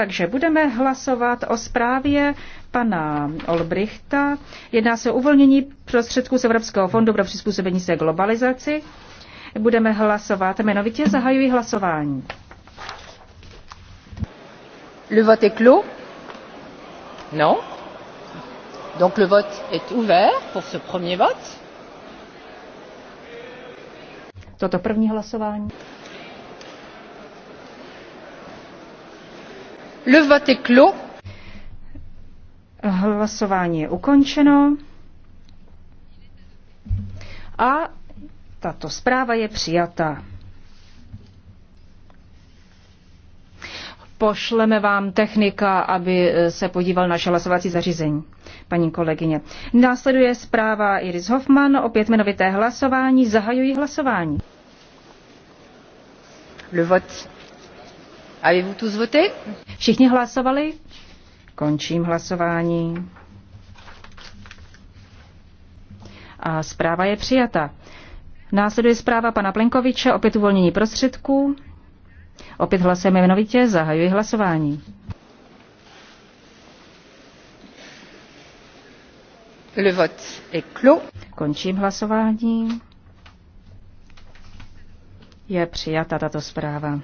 Takže budeme hlasovat o zprávě pana Olbrichta. Jedná se o uvolnění prostředků z Evropského fondu pro přizpůsobení se globalizaci. Budeme hlasovat jmenovitě. Zahajuji hlasování. Le vote est clos? Non? Donc le vote est ouvert pour ce premier vote. Toto první hlasování. Le vote est clos. Hlasování je ukončeno. A tato zpráva je přijata. Pošleme vám technika, aby eh, se podíval naše hlasovací zařízení, paní kolegyně. Následuje zpráva Iris Hoffman o pětmenovité hlasování. Zahajuji hlasování. Le vote Avez-vous tous voté? Všichni hlasovali? Končím hlasování. A zpráva je přijata. Následuje zpráva pana Plenkoviče, opět uvolnění prostředků. Opět hlasujeme jmenovitě, zahajuji hlasování. Le vote est clos. Končím hlasování. Je přijata tato zpráva.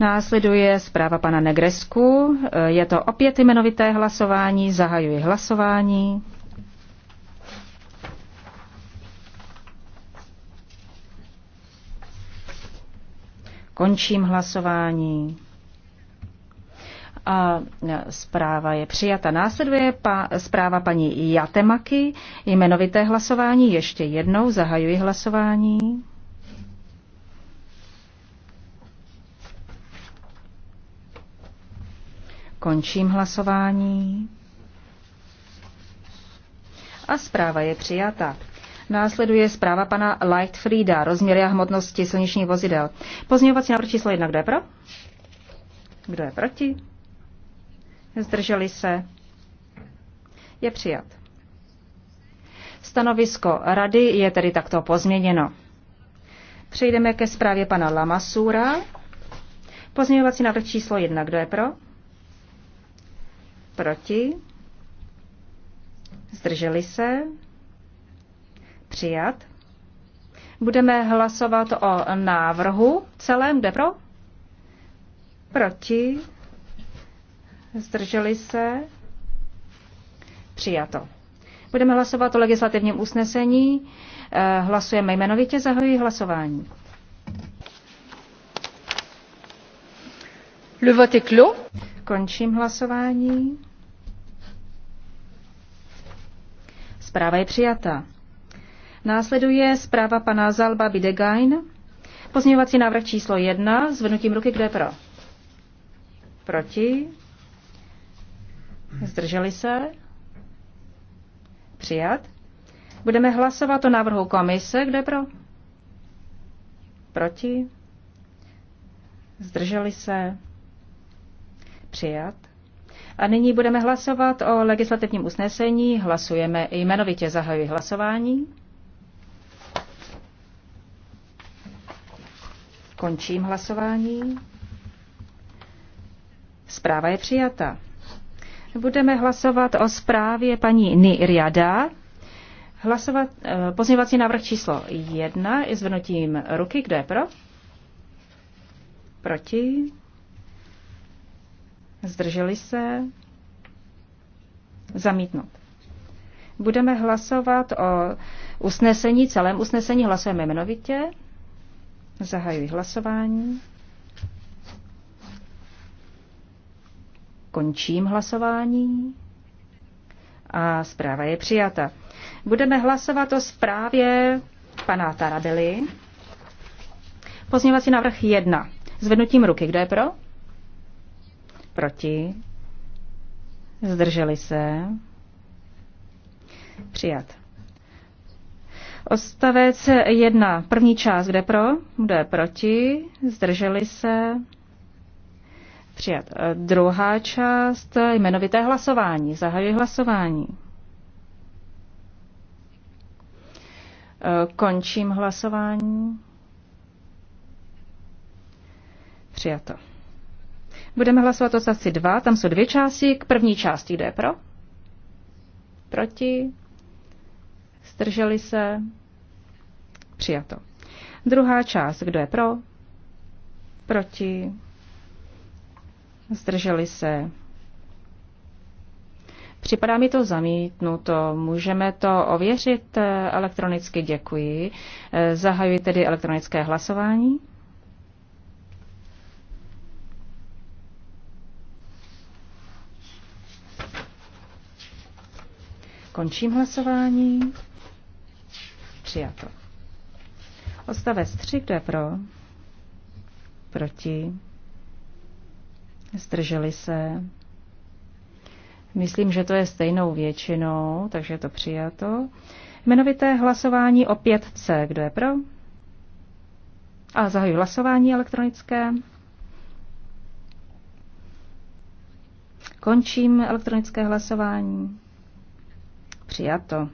Následuje zpráva pana Negresku. Eh, je to opět jmenovité hlasování. Zahajuji hlasování. Končím hlasování. A eh, zpráva je přijata. Následuje pa, zpráva paní Jatemaky. Jmenovité hlasování ještě jednou. Zahajuji hlasování. Končím hlasování. A zpráva je přijata. Následuje zpráva pana Lightfrieda, rozměry a hmotnosti silničních vozidel. Pozměňovací návrh číslo 1, kdo je pro? Kdo je proti? Zdrželi se? Je přijat. Stanovisko rady je tedy takto pozměněno. Přejdeme ke zprávě pana Lamasura. Pozměňovací návrh číslo 1, kdo je pro? Proti? Zdrželi se? Přijat. Budeme hlasovat o návrhu celém. Kde pro? Proti? Zdrželi se? Přijato. Budeme hlasovat o legislativním usnesení. Eh, hlasujeme jmenovitě. zahojí hlasování. Le vote est clos. Končím hlasování. Zpráva je přijata. Následuje zpráva pana Zalba Bidegain. Pozměňovací návrh číslo 1. Zvednutím ruky, kde je pro? Proti? Zdrželi se? Přijat. Budeme hlasovat o návrhu komise. Kde je pro? Proti? Zdrželi se? Přijat. A nyní budeme hlasovat o legislativním usnesení. Hlasujeme jmenovitě. Zahajuji hlasování. Končím hlasování. Zpráva je přijata. Budeme hlasovat o zprávě paní Niriada. Hlasovat, eh, pozměňovací návrh číslo 1 je ruky. Kdo je pro? Proti? Zdrželi se? Zamítnout. Budeme hlasovat o usnesení, celém usnesení hlasujeme jmenovitě. Zahajuji hlasování. Končím hlasování. A zpráva je přijata. Budeme hlasovat o zprávě pana Tarabely. Pozměňovací návrh 1. Zvednutím ruky. Kdo je pro? Proti? Zdrželi se? Přijat. Ostavec jedna První část. Kde pro? Kde proti? Zdrželi se? Přijat. Druhá část. Jmenovité hlasování. Zahajuji hlasování. Končím hlasování. Přijato. Budeme hlasovat o sasci 2, tam jsou dvě části. K první části, jde pro? Proti? Zdrželi se? Přijato. Druhá část, kdo je pro? Proti? Zdrželi se? Připadá mi to zamítnuto. Můžeme to ověřit eh, elektronicky. Děkuji. Eh, zahajuji tedy elektronické hlasování. Končím hlasování. Přijato. Odstavec 3, kdo je pro? Proti? Zdrželi se? Myslím, že to je stejnou většinou, takže je to přijato. Jmenovité hlasování o 5C. Kdo je pro? A zahajuji hlasování elektronické. Končím elektronické hlasování. Přijato.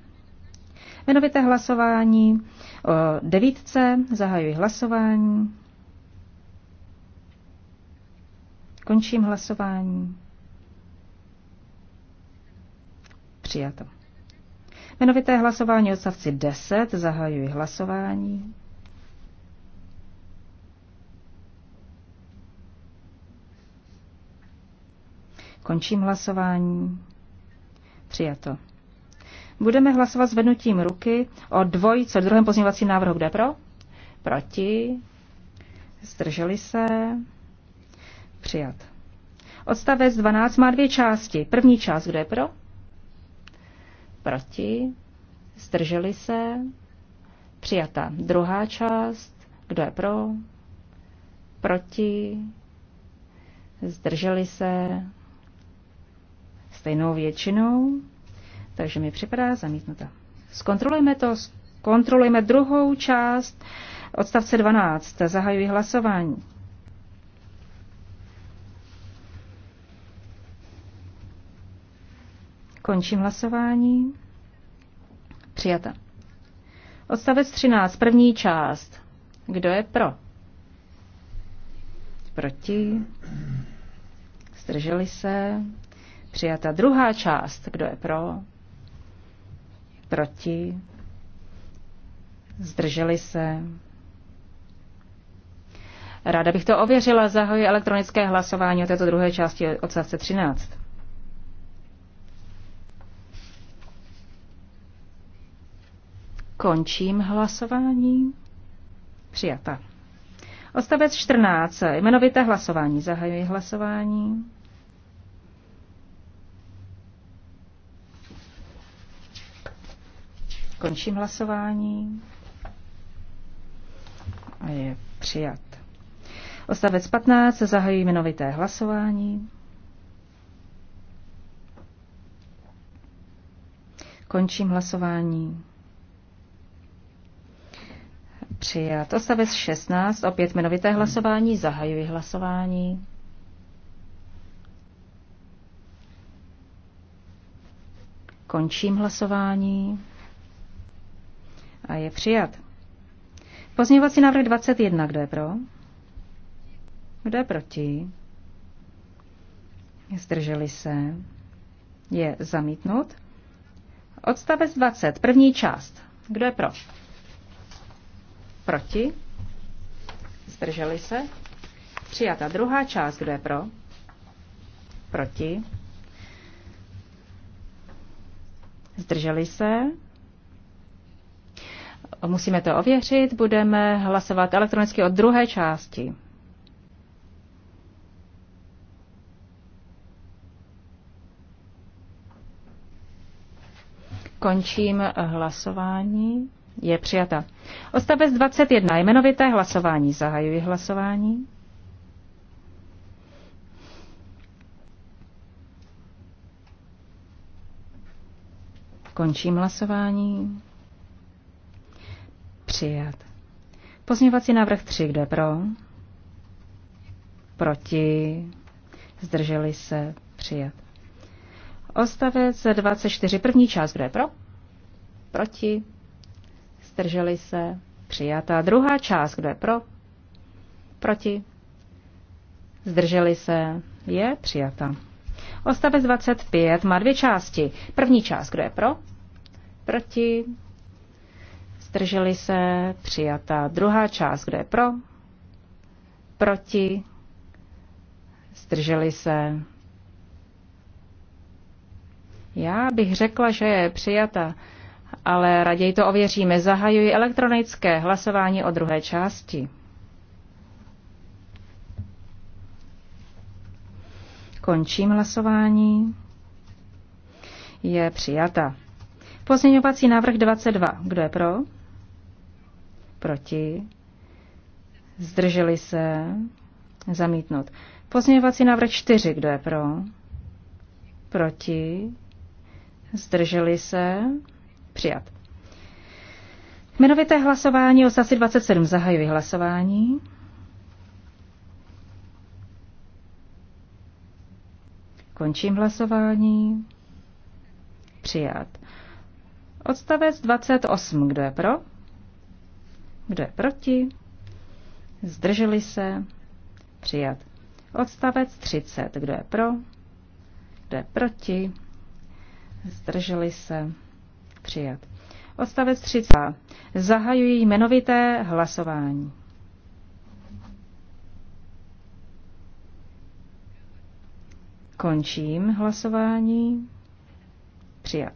Jmenovité hlasování o devítce. Zahajuji hlasování. Končím hlasování. Přijato. Jmenovité hlasování odstavci 10. Zahajuji hlasování. Končím hlasování. Přijato. Budeme hlasovat zvednutím ruky o dvojce, o druhém pozměňovacím návrhu. Kde pro? Proti. Zdrželi se. Přijat. Odstavec 12 má dvě části. První část, kde je pro? Proti. Zdrželi se. Přijata. Druhá část, kdo je pro? Proti. Zdrželi se. Stejnou většinou takže mi připadá zamítnuta. Zkontrolujeme to, zkontrolujeme druhou část odstavce 12. Zahajuji hlasování. Končím hlasování. Přijata. Odstavec 13, první část. Kdo je pro? Proti? Zdrželi se? Přijata druhá část. Kdo je pro? proti, zdrželi se. Ráda bych to ověřila, zahoji elektronické hlasování o této druhé části odstavce 13. Končím hlasování. Přijata. Odstavec 14. Jmenovité hlasování. Zahajuji hlasování. Končím hlasování. A je přijat. Ostavec 15. Zahajuji jmenovité hlasování. Končím hlasování. Přijat. Ostavec 16. Opět jmenovité hlasování. Zahajuji hlasování. Končím hlasování a je přijat. Pozměňovací návrh 21. Kdo je pro? Kdo je proti? Zdrželi se. Je zamítnut. Odstavec 20. První část. Kdo je pro? Proti? Zdrželi se. Přijata druhá část. Kdo je pro? Proti? Zdrželi se. Musíme to ověřit, budeme hlasovat elektronicky o druhé části. Končím eh, hlasování. Je přijata. Odstavec 21. Jmenovité hlasování. Zahajuji hlasování. Končím hlasování. Přijat. Pozměňovací návrh 3, kdo je pro? Proti. Zdrželi se. Přijat. Ostavec 24, první část, kdo je pro? Proti. Zdrželi se. A Druhá část, kdo je pro? Proti. Zdrželi se. Je přijata. Ostavec 25 má dvě části. První část, kdo je pro? Proti. Zdrželi se přijata druhá část, kdo je pro, proti, zdrželi se. Já bych řekla, že je přijata, ale raději to ověříme. Zahajuji elektronické hlasování o druhé části. Končím hlasování. Je přijata. Pozměňovací návrh 22. Kdo je pro? proti, zdrželi se, zamítnout. Pozměňovací návrh 4, kdo je pro, proti, zdrželi se, přijat. Jmenovité hlasování o SASI 27 zahajuji hlasování. Končím hlasování. Přijat. Odstavec 28. Kdo je pro? Kdo je proti? Zdrželi se? Přijat. Odstavec 30. Kdo je pro? Kdo je proti? Zdrželi se? Přijat. Odstavec 30. Zahajují jmenovité hlasování. Končím hlasování. Přijat.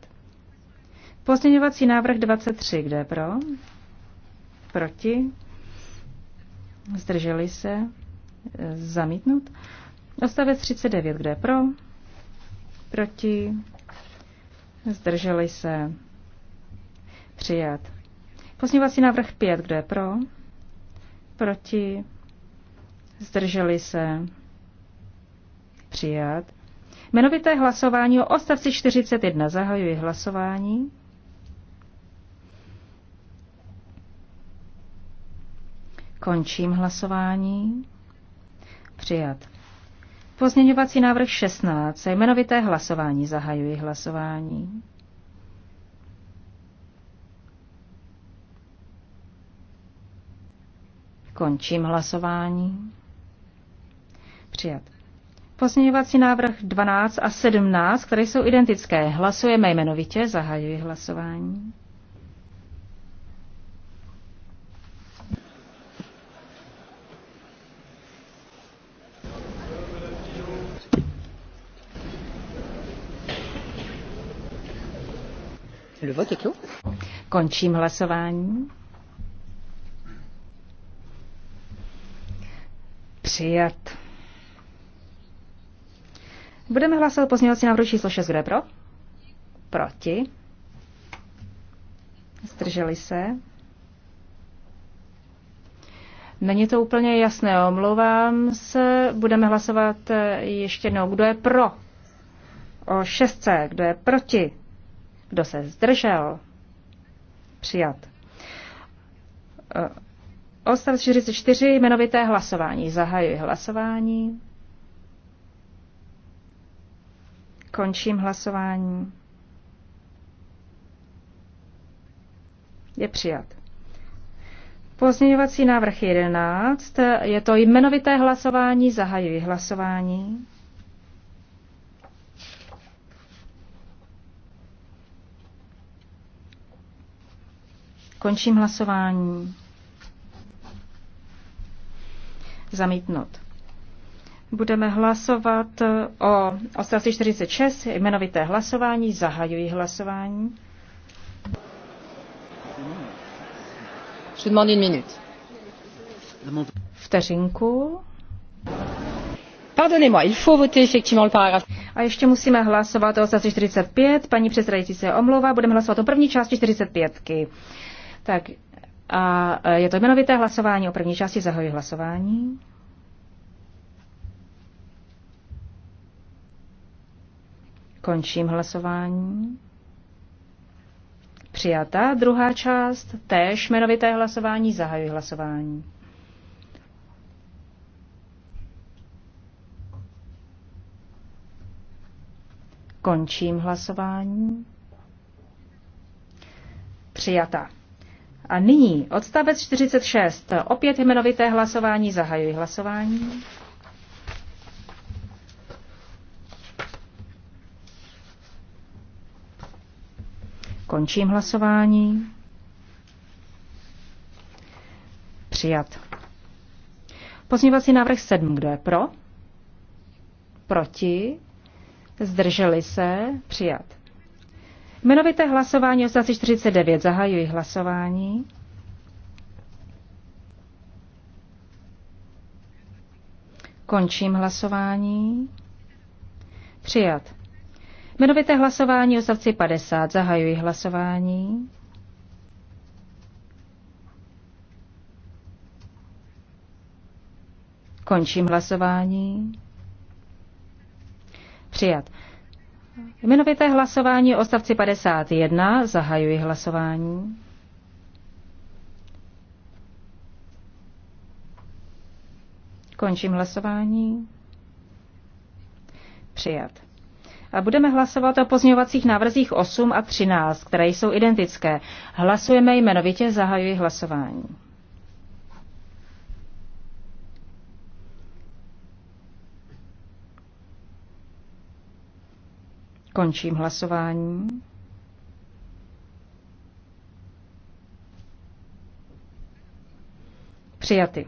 Pozměňovací návrh 23. Kdo je pro? proti, zdrželi se, zamítnout. Odstavec 39, kde je pro, proti, zdrželi se, přijat. Pozměňovací návrh 5, kde je pro, proti, zdrželi se, přijat. Jmenovité hlasování o ostavci 41. Zahajuji hlasování. Končím hlasování. Přijat. Pozměňovací návrh 16. Jmenovité hlasování. Zahajuji hlasování. Končím hlasování. Přijat. Pozměňovací návrh 12 a 17, které jsou identické. Hlasujeme jmenovitě. Zahajuji hlasování. Končím hlasování. Přijat. Budeme hlasovat pozměňovací návrh číslo 6. Kdo je pro? Proti. Zdrželi se. Není to úplně jasné, omlouvám se. Budeme hlasovat ještě jednou. Kdo je pro? O šestce. Kdo je proti? Kdo se zdržel? Přijat. Eh, odstavec 44, jmenovité hlasování. Zahajuji hlasování. Končím hlasování. Je přijat. Pozměňovací návrh 11. Je to jmenovité hlasování. Zahajuji hlasování. Končím hlasování. Zamítnout. Budeme hlasovat o odstavci 46, jmenovité hlasování. Zahajuji hlasování. Vteřinku. Pardonnez-moi, il faut voter effectivement le paragraphe. A ještě musíme hlasovat o odstavci 45. Paní předsedající se omlouvá. Budeme hlasovat o první části 45. -ky. Tak a e, je to jmenovité hlasování o první části. Zahajuji hlasování. Končím hlasování. Přijata. Druhá část, též jmenovité hlasování, zahajuji hlasování. Končím hlasování. Přijata. A nyní odstavec 46. Opět jmenovité hlasování. Zahajuji hlasování. Končím hlasování. Přijat. Pozměňovací návrh 7. Kdo je pro? Proti? Zdrželi se? Přijat. Jmenovité hlasování odstavci 49. Zahajuji hlasování. Končím hlasování. Přijat. Jmenovité hlasování odstavci 50. Zahajuji hlasování. Končím hlasování. Přijat. Jmenovité hlasování o stavci 51. Zahajuji hlasování. Končím hlasování. Přijat. A budeme hlasovat o pozměňovacích návrzích 8 a 13, které jsou identické. Hlasujeme jmenovitě, zahajuji hlasování. Končím hlasování. Přijaty.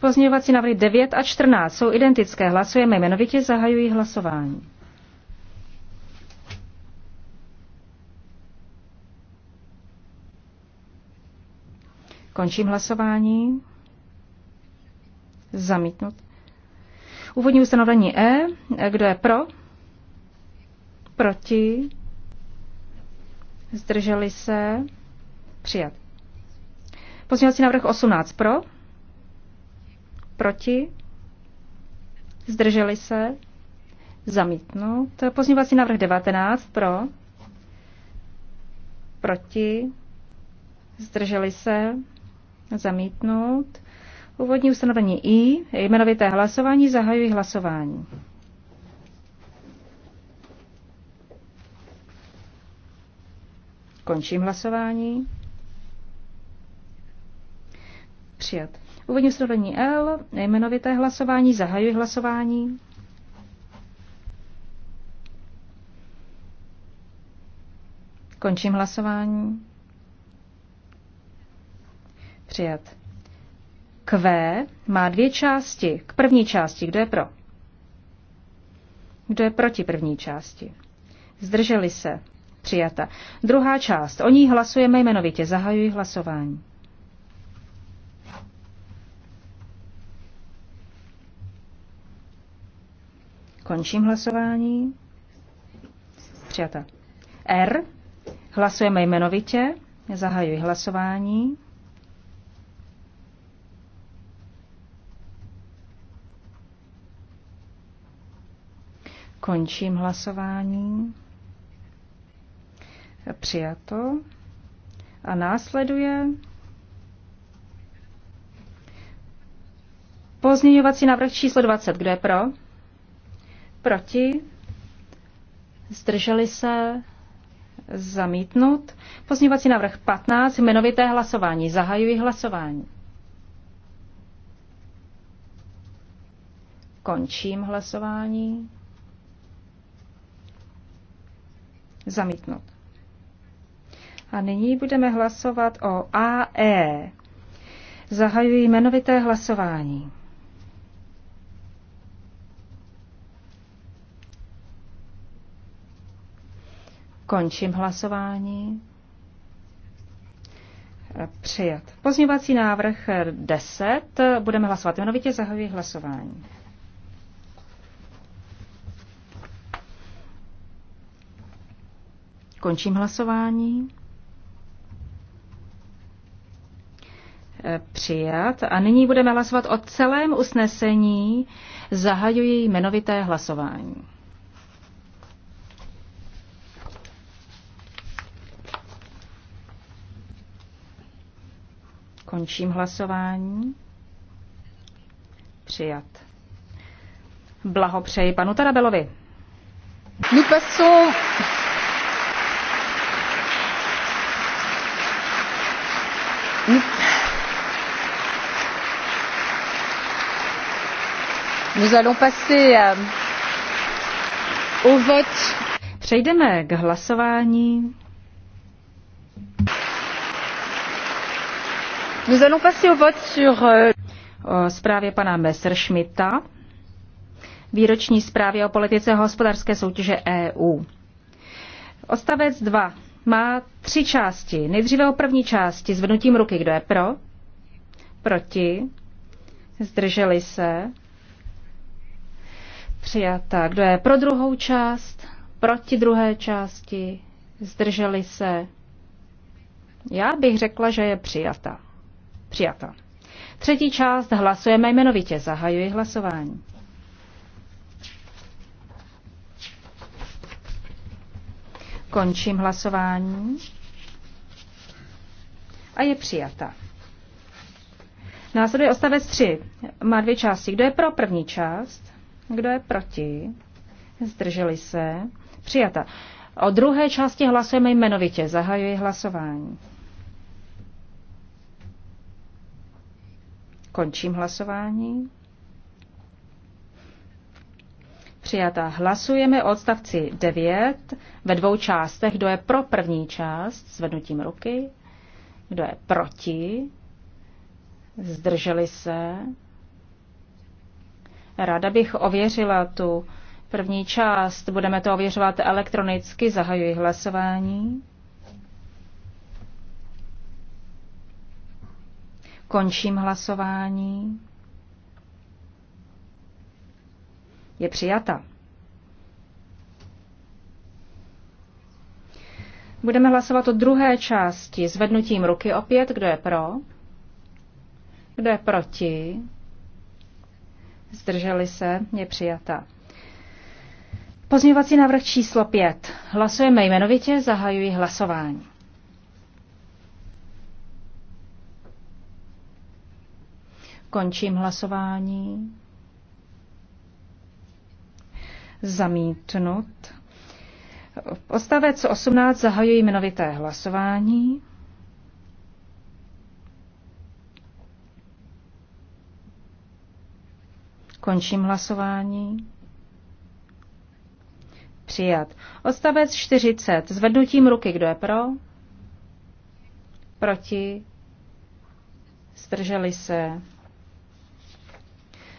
Pozměňovací návrhy 9 a 14 jsou identické. Hlasujeme jmenovitě, zahajují hlasování. Končím hlasování. Zamítnut. Úvodní ustanovení E. Kdo je pro? proti, zdrželi se, přijat. Pozměňovací návrh 18 pro, proti, zdrželi se, zamítnout. Pozměňovací návrh 19 pro, proti, zdrželi se, zamítnout. Úvodní ustanovení I, jmenovité hlasování, zahajují hlasování. Končím hlasování. Přijat. Úvodní ustanovení L, nejmenovité hlasování, zahajuji hlasování. Končím hlasování. Přijat. Q má dvě části. K první části, kdo je pro? Kdo je proti první části? Zdrželi se. Přijata. Druhá část. O ní hlasujeme jmenovitě. Zahajuji hlasování. Končím hlasování. Přijata. R. Hlasujeme jmenovitě. Zahajuji hlasování. Končím hlasování. Přijato. A následuje pozměňovací návrh číslo 20. Kdo je pro? Proti? Zdrželi se? Zamítnut. Pozměňovací návrh 15. Jmenovité hlasování. Zahajuji hlasování. Končím hlasování. Zamítnout. A nyní budeme hlasovat o AE. Zahajuji jmenovité hlasování. Končím hlasování. Přijat. Pozměňovací návrh 10. Budeme hlasovat jmenovitě. Zahajuji hlasování. Končím hlasování. přijat. A nyní budeme hlasovat o celém usnesení. Zahajuji jmenovité hlasování. Končím hlasování. Přijat. Blahopřeji panu Tarabelovi. Nous passons Nous allons passer euh, au vote. Přejdeme k hlasování. Nous allons passer au vote sur euh, o zprávě pana Messerschmitta, výroční zprávě o politice hospodářské soutěže EU. Odstavec 2 má tři části. Nejdříve o první části zvednutím ruky. Kdo je pro? Proti? Zdrželi se? Přijata. Kdo je pro druhou část? Proti druhé části? Zdrželi se? Já bych řekla, že je přijata. Přijata. Třetí část hlasujeme jmenovitě. Zahajuji hlasování. Končím hlasování. A je přijata. Následuje ostavec 3. Má dvě části. Kdo je pro první část? Kdo je proti? Zdrželi se? Přijata. O druhé části hlasujeme jmenovitě. Zahajuji hlasování. Končím hlasování. Přijata. Hlasujeme o odstavci 9 ve dvou částech. Kdo je pro první část zvednutím ruky? Kdo je proti? Zdrželi se? Ráda bych ověřila tu první část. Budeme to ověřovat elektronicky. Zahajuji hlasování. Končím hlasování. Je přijata. Budeme hlasovat o druhé části zvednutím ruky opět. Kdo je pro? Kdo je proti? zdrželi se, je přijata. Pozměňovací návrh číslo 5. Hlasujeme jmenovitě, zahajuji hlasování. Končím hlasování. Zamítnut. V odstavec 18 zahajuji jmenovité hlasování. Končím hlasování. Přijat. Odstavec 40. Zvednutím ruky. Kdo je pro? Proti? Zdrželi se?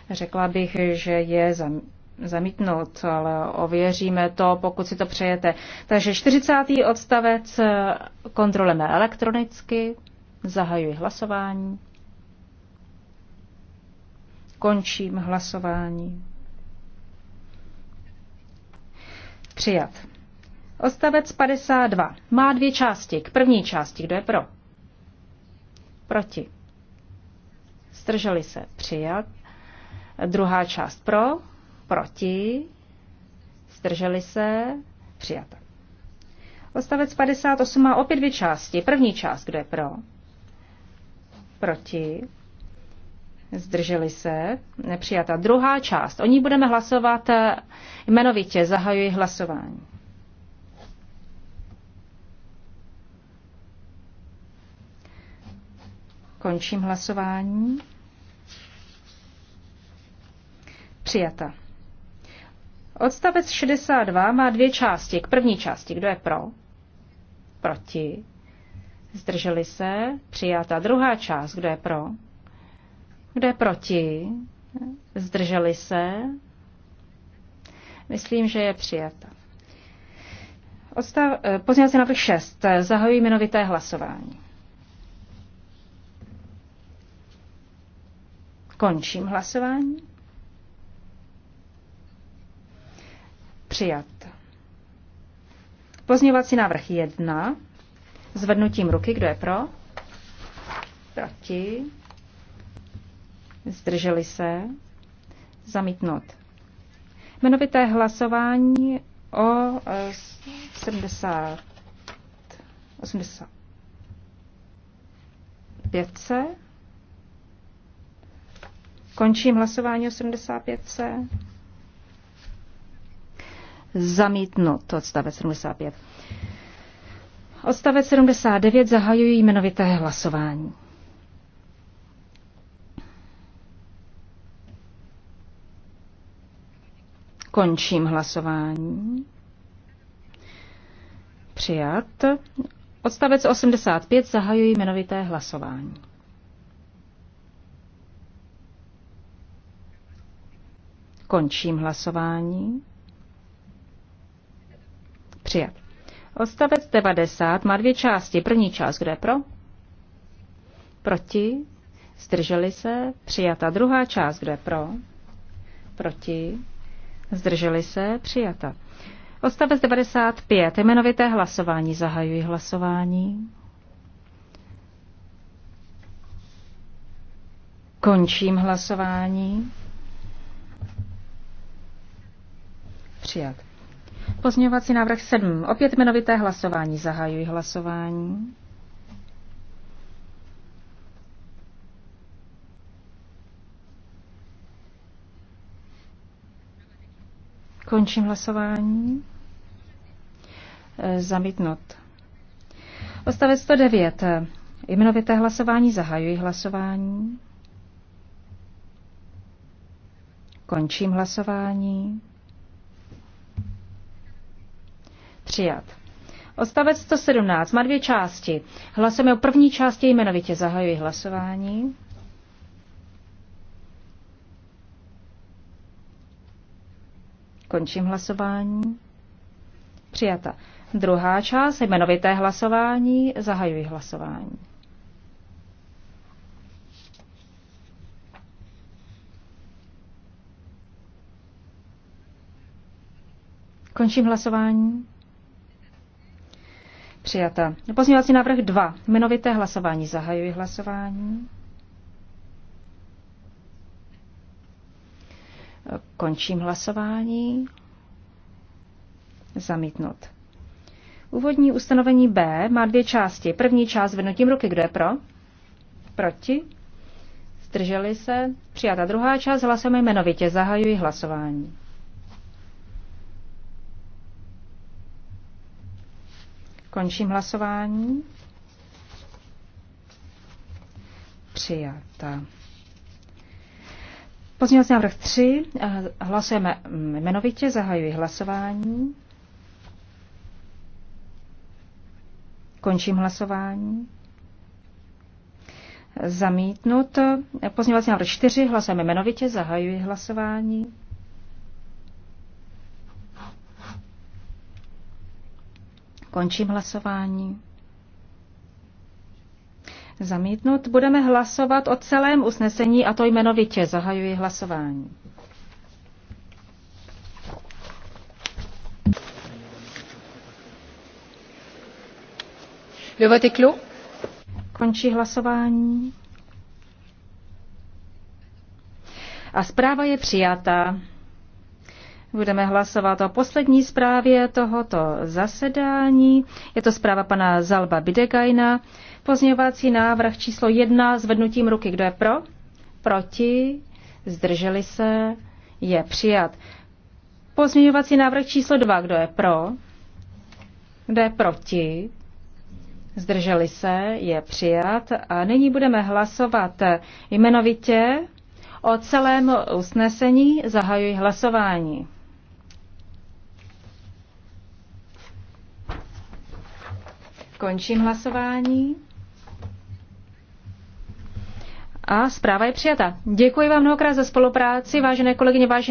Řekla bych, že je zam, zamítnout, ale ověříme to, pokud si to přejete. Takže 40. odstavec eh, kontrolujeme elektronicky. Zahajuji hlasování. Končím hlasování. Přijat. Ostavec 52. Má dvě části. K první části. Kdo je pro? Proti. Strželi se. Přijat. Druhá část pro. Proti. Strželi se. Přijata. Ostavec 58 má opět dvě části. První část. Kdo je pro? Proti Zdrželi se. Nepřijata. Druhá část. O ní budeme hlasovat eh, jmenovitě. Zahajuji hlasování. Končím hlasování. Přijata. Odstavec 62 má dvě části. K první části, kdo je pro? Proti. Zdrželi se. Přijata. Druhá část, kdo je pro? Kdo je proti? Zdrželi se? Myslím, že je přijata. Odstav, eh, pozměňovací návrh 6. Zahojí jmenovité hlasování. Končím hlasování. Přijat. Pozměňovací návrh 1. Zvednutím ruky, kdo je pro? Proti zdrželi se, zamítnout. Jmenovité hlasování o 70, 80, 5. Končím hlasování o 75. Zamítnut odstavec 75. Odstavec 79 zahajují jmenovité hlasování. Končím hlasování. Přijat. Odstavec 85 zahajuji jmenovité hlasování. Končím hlasování. Přijat. Odstavec 90 má dvě části. První část, kde pro? Proti. Zdrželi se. Přijata druhá část, kde pro? Proti zdrželi se, přijata. Odstavec 95, jmenovité hlasování, zahajuji hlasování. Končím hlasování. Přijat. Pozměňovací návrh 7. Opět jmenovité hlasování. Zahajuji hlasování. Končím hlasování. E, zamítnut. Odstavec 109. Jmenovité hlasování zahajuji hlasování. Končím hlasování. Přijat. Odstavec 117 má dvě části. Hlasujeme o první části jmenovitě. Zahajuji hlasování. Končím hlasování. Přijata. Druhá část, jmenovité hlasování, zahajuji hlasování. Končím hlasování. Přijata. Pozměňovací návrh 2. Jmenovité hlasování. Zahajuji hlasování. Končím hlasování. Zamítnut. Úvodní ustanovení B má dvě části. První část vynutím ruky. Kdo je pro? Proti? Zdrželi se? Přijata druhá část. Hlasujeme jmenovitě. Zahajuji hlasování. Končím hlasování. Přijata. Pozměňovací návrh 3. Eh, hlasujeme jmenovitě. Zahajuji hlasování. Končím hlasování. Zamítnut. Pozměňovací návrh 4. Hlasujeme jmenovitě. Zahajuji hlasování. Končím hlasování. Zamítnut. Budeme hlasovat o celém usnesení a to jmenovitě. Zahajuji hlasování. Le vote Končí hlasování. A zpráva je přijata. Budeme hlasovat o poslední zprávě tohoto zasedání. Je to zpráva pana Zalba Bidegajna. Pozměňovací návrh číslo s zvednutím ruky. Kdo je pro? Proti? Zdrželi se? Je přijat. Pozměňovací návrh číslo dva, Kdo je pro? Kdo je proti? Zdrželi se? Je přijat. A nyní budeme hlasovat jmenovitě o celém usnesení. Zahajuji hlasování. Končím hlasování. A zpráva je přijata. Děkuji vám mnohokrát za spolupráci, vážené kolegyně, vážení